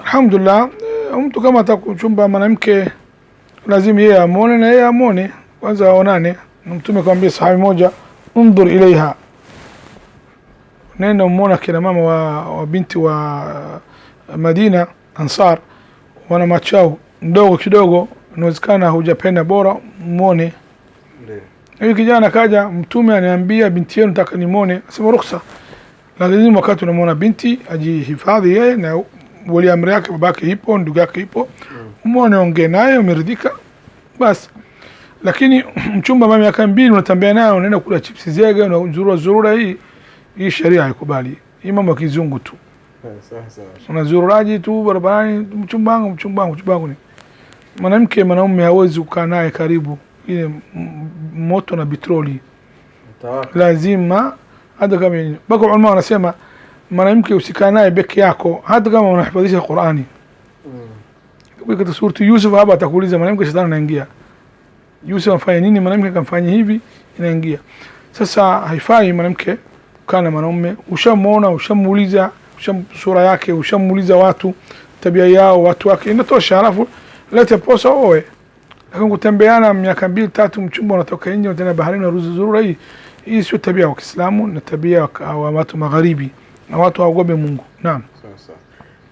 Alhamdulillah, eh, mtu kama atakuchumba mwanamke lazima yeye amwone na yeye amwone kwanza, aonane. Na Mtume akamwambia sahabi moja, undhur ilaiha, nenda umwona kina mama wa, wa binti wa eh, Madina Ansar, wana machao ndogo kidogo, inawezekana hujapenda, bora mwone. Huyu kijana kaja, Mtume aniambia binti yenu nataka nimwone, asema ruksa. Lazima wakati unamwona binti ajihifadhi yeye na wali amri yake babake ipo, ndugu yake ipo, muone, ongea naye, umeridhika basi. Lakini mchumba mama miaka mbili unatambia naye, unaenda kula chipsi zege, unazurura zurura, hii hii sheria haikubali. Hii mambo ya kizungu tu, eh, unazururaji tu barabarani, mchumba wangu, mchumba wangu, mchumba wangu. Mwanamke mwanaume hawezi kukaa naye karibu, ile moto na petroli lazima, hata kama bako ulama wanasema mwanamke usikae naye beki yako, hata kama unahifadhisha Qur'ani mm. Ukikata surti Yusuf hapa atakuuliza mwanamke, shetani anaingia. Yusuf afanye nini? Mwanamke akamfanya hivi, inaingia sasa. Haifai mwanamke kukaa na mwanaume, ushamwona, ushamuuliza, usham sura yake, ushamuuliza watu tabia yao, watu wake, inatosha. Alafu lete posa owe, lakini kutembeana miaka mbili tatu, mchumba unatoka nje, unatenda baharini, unarudi zurura, hii hii sio tabia wa Kiislamu na tabia wa watu magharibi na watu waogope Mungu. Naam.